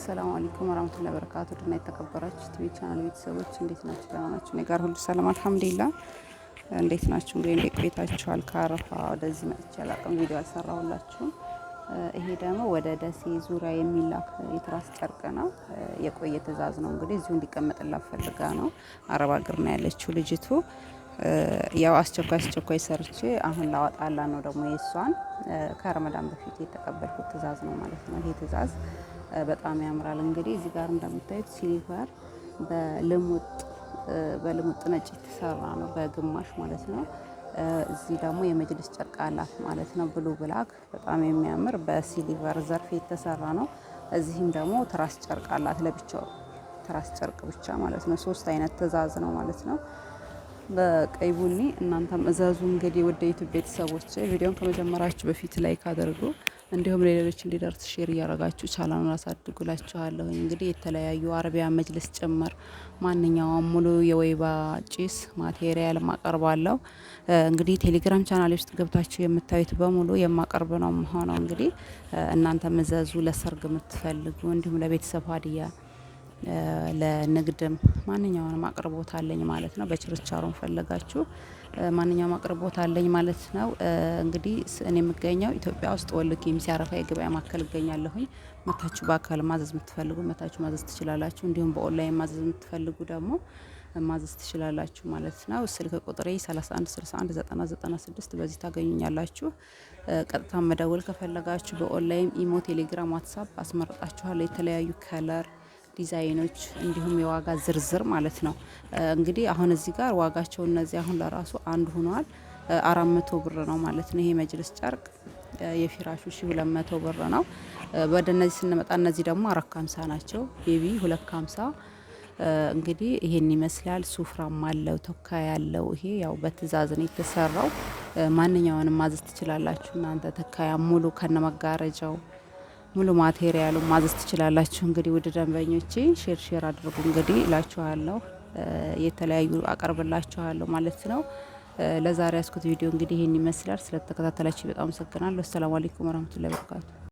አሰላሙ አለይኩም ወራህመቱላሂ ወበረካቱ ድና የተከበራችሁ ቲቪ ቻናል ቤተሰቦች እንዴት ናችሁ? ደህና ናችሁ? እኔ ጋር ሁሉ ሰላም አልሐምዱሊላህ። እንዴት ናችሁ? እንግዲህ እንዴት ቆይታችኋል? ከአረፋ ወደዚህ መጥቼ አላቅም፣ ቪዲዮ አልሰራሁላችሁም። ይሄ ደግሞ ወደ ደሴ ዙሪያ የሚላክ የትራስ ጨርቅ ነው። የቆየ ትእዛዝ ነው። እንግዲህ እዚሁ እንዲቀመጥላት ፈልጋ ነው። አረብ አገር ነው ያለችው ልጅቱ። ያው አስቸኳይ አስቸኳይ ሰርቼ አሁን ላወጣላ ነው ደግሞ የእሷን ከረመዳን በፊት የተቀበልኩት ትእዛዝ ነው ማለት ነው ይሄ ትእዛዝ በጣም ያምራል። እንግዲህ እዚህ ጋር እንደምታዩት ሲሊቨር በልሙጥ በልሙጥ ነጭ የተሰራ ነው በግማሽ ማለት ነው። እዚህ ደግሞ የመጅልስ ጨርቅ አላት ማለት ነው። ብሉ ብላክ በጣም የሚያምር በሲሊቨር ዘርፍ የተሰራ ነው። እዚህም ደግሞ ትራስ ጨርቅ አላት ለብቻው ትራስ ጨርቅ ብቻ ማለት ነው። ሶስት አይነት ትእዛዝ ነው ማለት ነው። በቀይ ቡኒ እናንተም እዘዙ። እንግዲህ ወደ ዩቱብ ቤተሰቦች ቪዲዮን ከመጀመራችሁ በፊት ላይክ አድርጉ፣ እንዲሁም ለሌሎች እንዲደርስ ሼር እያረጋችሁ ቻናሉን አሳድጉላችኋለሁ። እንግዲህ የተለያዩ አረቢያ መጅልስ ጭምር ማንኛውም ሙሉ የወይባ ጭስ ማቴሪያል ማቀርባለሁ። እንግዲህ ቴሌግራም ቻናል ውስጥ ገብታችሁ የምታዩት በሙሉ የማቀርብ ነው መሆነው። እንግዲህ እናንተም እዘዙ፣ ለሰርግ የምትፈልጉ እንዲሁም ለቤተሰብ ሀዲያ ለንግድም ማንኛውንም አቅርቦት አለኝ ማለት ነው። በችርቻሮን ፈለጋችሁ ማንኛውም አቅርቦት አለኝ ማለት ነው። እንግዲህ እኔ የምገኘው ኢትዮጵያ ውስጥ ወሎ ኬሚሴ አረፋ የገበያ ማዕከል እገኛለሁኝ። መታችሁ በአካል ማዘዝ የምትፈልጉ መታችሁ ማዘዝ ትችላላችሁ። እንዲሁም በኦንላይን ማዘዝ የምትፈልጉ ደግሞ ማዘዝ ትችላላችሁ ማለት ነው። ስልክ ቁጥሬ 31619096 በዚህ ታገኙኛላችሁ። ቀጥታ መደወል ከፈለጋችሁ በኦንላይን ኢሞ፣ ቴሌግራም፣ ዋትሳፕ አስመርጣችኋለሁ የተለያዩ ከለር ዲዛይኖች እንዲሁም የዋጋ ዝርዝር ማለት ነው። እንግዲህ አሁን እዚህ ጋር ዋጋቸው እነዚህ አሁን ለራሱ አንድ ሆኗል አራት መቶ ብር ነው ማለት ነው። ይሄ መጅልስ ጨርቅ የፊራሹ ሺ ሁለት መቶ ብር ነው። ወደ እነዚህ ስንመጣ እነዚህ ደግሞ አራት ከሀምሳ ናቸው። ቤቢ ሁለት ከሀምሳ እንግዲህ ይሄን ይመስላል። ሱፍራም አለው ተካ ያለው ይሄ ያው በትእዛዝ ነው የተሰራው። ማንኛውንም ማዘዝ ትችላላችሁ እናንተ ተካያ ሙሉ ከነ መጋረጃው ሙሉ ማቴሪያሉ ማዘዝ ትችላላችሁ። እንግዲህ ውድ ደንበኞቼ ሼር ሼር አድርጉ እንግዲህ እላችኋለሁ። የተለያዩ አቀርብላችኋለሁ ማለት ነው። ለዛሬ ያስኩት ቪዲዮ እንግዲህ ይህን ይመስላል። ስለተከታተላችሁ በጣም አመሰግናለሁ። አሰላሙ አለይኩም ወረህመቱላሂ ወበረካቱ